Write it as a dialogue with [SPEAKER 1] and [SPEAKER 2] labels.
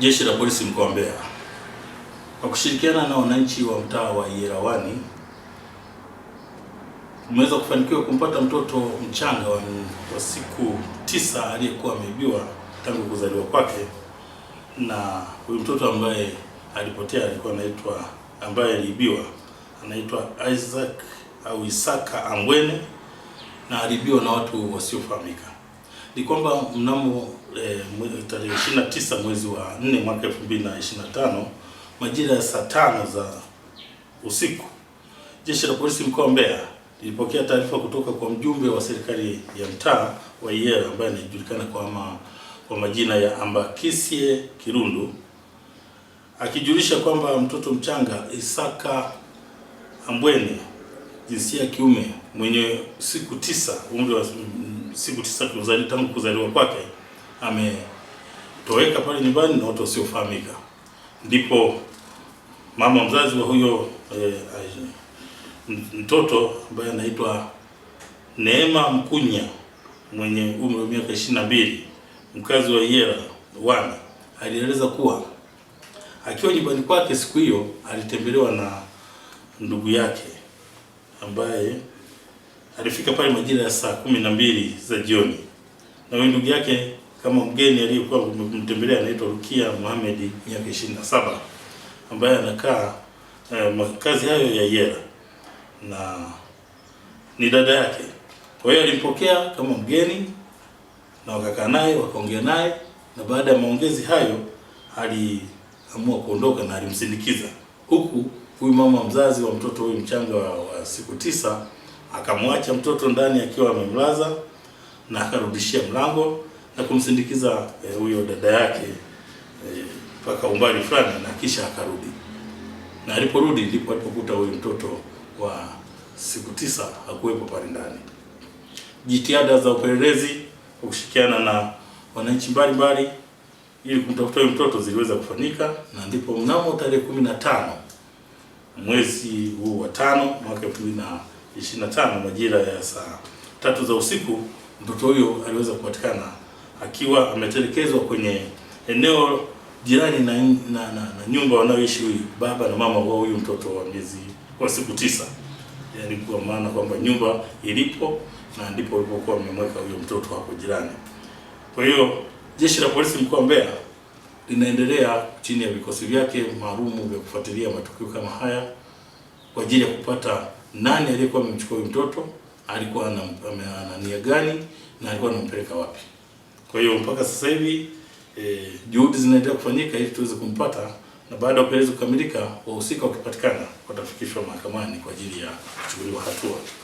[SPEAKER 1] Jeshi la Polisi mkoa wa Mbeya kwa kushirikiana na wananchi wa mtaa wa Yerawani tumeweza kufanikiwa kumpata mtoto mchanga wa siku tisa aliyekuwa ameibiwa tangu kuzaliwa kwake, na huyu mtoto ambaye alipotea alikuwa anaitwa, ambaye aliibiwa anaitwa Isaac au Isaka Ambwene, na aliibiwa na watu wasiofahamika ni kwamba mnamo e, tarehe 29 mwezi wa 4 mwaka 2025 majira ya saa tano za usiku Jeshi la Polisi mkoa wa Mbeya lilipokea taarifa kutoka kwa mjumbe wa serikali ya mtaa wa Iyela ambaye anajulikana kwa, ma, kwa majina ya Ambakisye Kirundu akijulisha kwamba mtoto mchanga Isaka Ambwene jinsia ya kiume mwenye siku tisa umri wa siku tisa kuzali, tangu kuzaliwa kwake ametoweka pale nyumbani na watu wasiofahamika. Ndipo mama mzazi wa huyo eh, mtoto ambaye anaitwa Neema Mkunya mwenye umri wa miaka ishirini na mbili mkazi wa Iyela wana alieleza kuwa akiwa nyumbani kwake siku hiyo alitembelewa na ndugu yake ambaye alifika pale majira ya saa kumi na mbili za jioni, na huyu ndugu yake kama mgeni aliyekuwa kumtembelea anaitwa Rukia Mohamed, miaka saba ambaye anakaa eh, makazi hayo ya Yera na ni dada yake. Kwa hiyo alimpokea kama mgeni na wakakaa naye wakaongea naye, na baada ya maongezi hayo aliamua kuondoka na alimsindikiza, huku huyu mama mzazi wa mtoto huyu mchanga wa, wa siku tisa akamwacha mtoto ndani akiwa amemlaza na akarudishia mlango na kumsindikiza eh, huyo e, dada yake eh, mpaka e, umbali fulani na kisha akarudi, na aliporudi ndipo alipokuta huyo mtoto wa siku tisa hakuwepo pale ndani. Jitihada za upelelezi kwa kushirikiana na wananchi mbalimbali ili kumtafuta mtoto ziliweza kufanyika na ndipo mnamo tarehe kumi na tano mwezi huu wa tano mwaka tano majira ya saa tatu za usiku, mtoto huyo aliweza kupatikana akiwa ametelekezwa kwenye eneo jirani na, na, na, na nyumba wanaoishi huyu baba na mama wa huyu mtoto wa miezi wa siku tisa, yaani kwa maana kwamba nyumba ilipo na ndipo walipokuwa wamemweka huyo mtoto hapo jirani. Kwa hiyo jeshi la polisi mkoa wa Mbeya linaendelea chini ya vikosi vyake maalumu vya kufuatilia matukio kama haya kwa ajili ya kupata nani aliyekuwa amemchukua huyu mtoto, alikuwa ana nia gani na alikuwa anampeleka wapi. Kwa hiyo mpaka sasa hivi e, juhudi zinaendelea kufanyika ili tuweze kumpata na baada ya upelelezi kukamilika, wahusika wakipatikana watafikishwa mahakamani kwa ajili ya kuchukuliwa hatua.